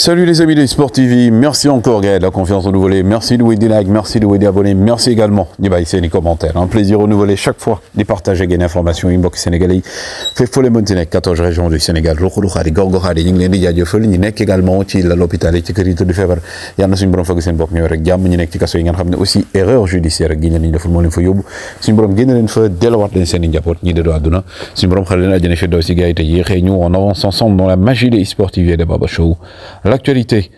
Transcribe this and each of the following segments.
Salut les amis de Sport TV, merci encore Gaël, la confiance renouvelée, merci de des likes, merci de vous abonner, merci également des bails et commentaires, un plaisir renouvelé chaque fois de partager des informations inbox sénégalais, fait folle Montenegro, 14 régions du Sénégal, Rokhourouha, les Gorgoha, les Ninglés, les Yadjofel, les Nek également, à l'hôpital, les Tikerito de Févre, Yann Simbrom Fagusen Bok, New York, Gam, Ninek Tikasso, Yann Hamne aussi, erreur judiciaire, Guinée, de Fulmon, Foyoub, Simbrom Guinée, Feu, Delawat, les Sénégapot, a de Doaduna, Simbrom Khalena, Djenefé, Dossi Gaël, et nous, on avance ensemble dans la magie des Sport TV et des Baba Show. L'actualité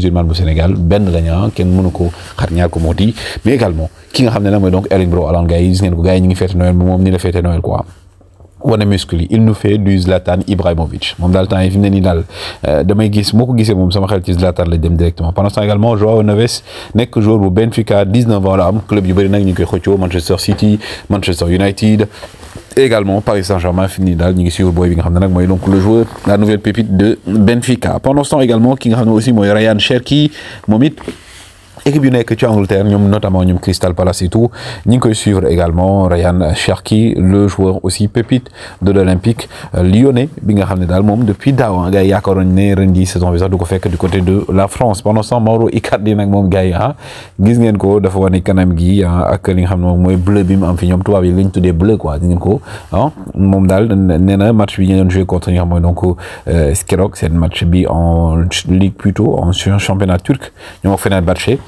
musulmane bu Sénégal ben gagnant ken mais également qui nga donc Erling Bro Alan gars Noël Noël quoi On muscle il nous fait du Zlatan Ibrahimovic moom est euh, gis Zlatan directement pendant ce temps également Joao Neves que joueur Benfica 19 ans club du Manchester City Manchester United et également Paris Saint-Germain fini d'Al ñu ngi suivre booy donc le joueur la nouvelle pépite de Benfica pendant ce temps également ki nga aussi moi Ryan Cherki Momit équipe yu nekk ci Angleterre notamment ñoom Crystal Palace et tout ñi ngi koy suivre également Ryan Cherki le joueur aussi pépite de l'Olympique euh, lyonnais bi nga xamné dal mom depuis daaw ah, gars yi yaakaaroon ne saison bi sax du ko fekk du côté de la France pendant ce temps Mauro Icardi nak mom gars yi ah gis ngeen ko dafa wane kanam gi ah, ak li nga xamné ne moom bleu bi mu am fi ñom tubaab yi liñ tuddé bleu quoi gis ngeen ko ah moom daal match bi ñu doon joué contre ñi nga xam mooy donc euh, Skerok seen match bi en ligue plutôt en championnat turc ñoom ak marché.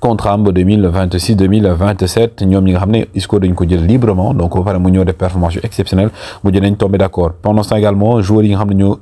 contre Ambo 2026 2027 ñom ñi nga xamné score Isco ko jël librement donc on pare mu performances def performance exceptionnelle mu tombé pendant ce temps également joueurs yi nga xamné ñoo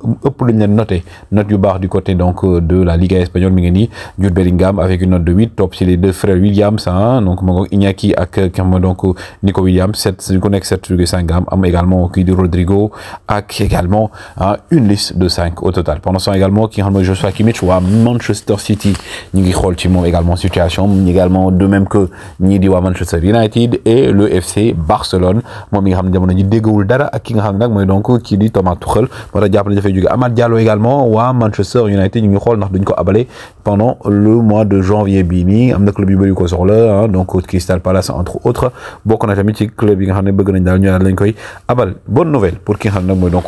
noté note yu du côté donc euh, de la Liga espagnole mi ngi Jude Bellingham avec une note de 8 top c'est les deux frères Williams hein, donc ma Iñaki ak donc Nico Williams 7 ñu 7,5 am également qui de Rodrigo avec également hein, une liste de 5 au total pendant ce également qui nga Joshua Kimmich Manchester City ñi ngi xol ci également situation également de même que ni di wa Manchester United et le FC Barcelone moom mi nga xam ne jamono ji déggawul dara ak ki nga xam nak moy donc ki di Thomas Tuchel moo tax jàpp ne Amad Diallo également à Manchester United ñu ngi xol nak duñ ko abaler pendant le mois de janvier bini nii am club yu bari ko soxla ah, donc Crystal Palace entre autres bokk na tamit ci club yi nga xam ne bëgg nañ dal ñu lañ koy abal bonne nouvelle pour ki nga xam nak moy donc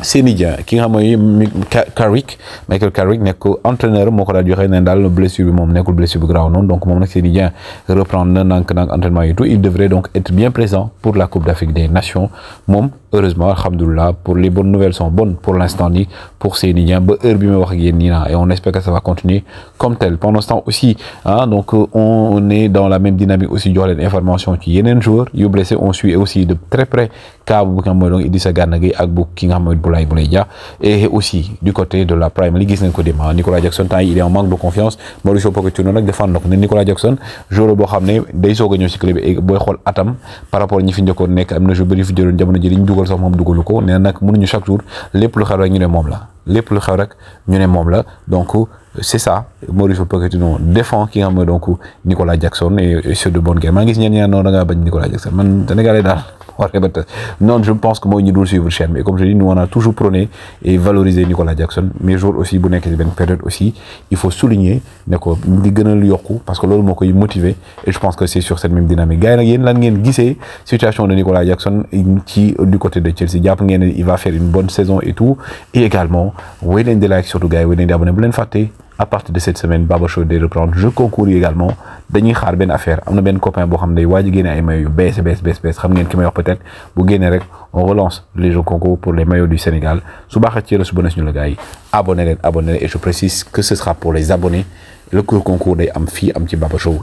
Sénégal, qui a nga Carrick Michael Carrick entraîneur il ko daal joxe ne blessure blessure grave donc moom Sénégal reprend reprendre entraînement tout il devrait donc être bien présent pour la Coupe d'Afrique des Nations heureusement alhamdoulilah pour les bonnes nouvelles sont bonnes pour l'instant pour Sénégal, et on espère que ça va continuer comme tel pendant ce temps aussi hein, donc on est dans la même dynamique aussi informations qui information ci jour. joueurs est blessé on suit aussi de très près cas bu nga xam mooy donc Idrissa ak bu ki nga xam mooy Boulaye Boulaye et aussi du côté de la Prime League gis nañ ko dem Nicolas Jackson temps il est en manque de confiance Mauricio Pochettino nak defaan na ko Nicolas Jackson joueur bo xamné day soog a ci si club bi booy atam par rapport ñi fi ñëko nek am na joueur bëri fi jëloon jamono ji li ñu dugal sax mom dugalu ko nak mënu ñu chaque jour lepp lu xew rek ñu né mom la lepp lu xew rek ñu né mom la donc c'est ça Mauricio Pochettino défend ki nga xam donc Nicolas Jackson et c'est de bonne guerre maa ngi gis ñenn ñaan noonu nga bañ Nicolas Jackson man Sénégalais dal non, je pense que moi, nous devons suivre chaîne. mais comme je dis, nous, on a toujours prôné et valorisé Nicolas Jackson. Mais jour aussi, vous n'êtes une période aussi, il faut souligner, d'accord, parce que l'autre m'a motivé. Et je pense que c'est sur cette même dynamique. gars, il y a une situation de Nicolas Jackson qui, du côté de Chelsea, il va faire une bonne saison et tout. Et également, Wayne Delak, surtout faire Wayne Delak, vous n'êtes à partir de cette semaine Baba Show des reprendre je concours également dañuy xaar ben affaire am na ben copain bo xam ne day a ay maillots yu bees bees bees bees xam ngeen ki may wax peut-être bu génnee rek on relance les jeux concours pour les maillots du Sénégal su vous ci la su ñu la gai abonnez abonné abonnez et je précise que ce sera pour les abonnés le concours day am fi am ci Baba Show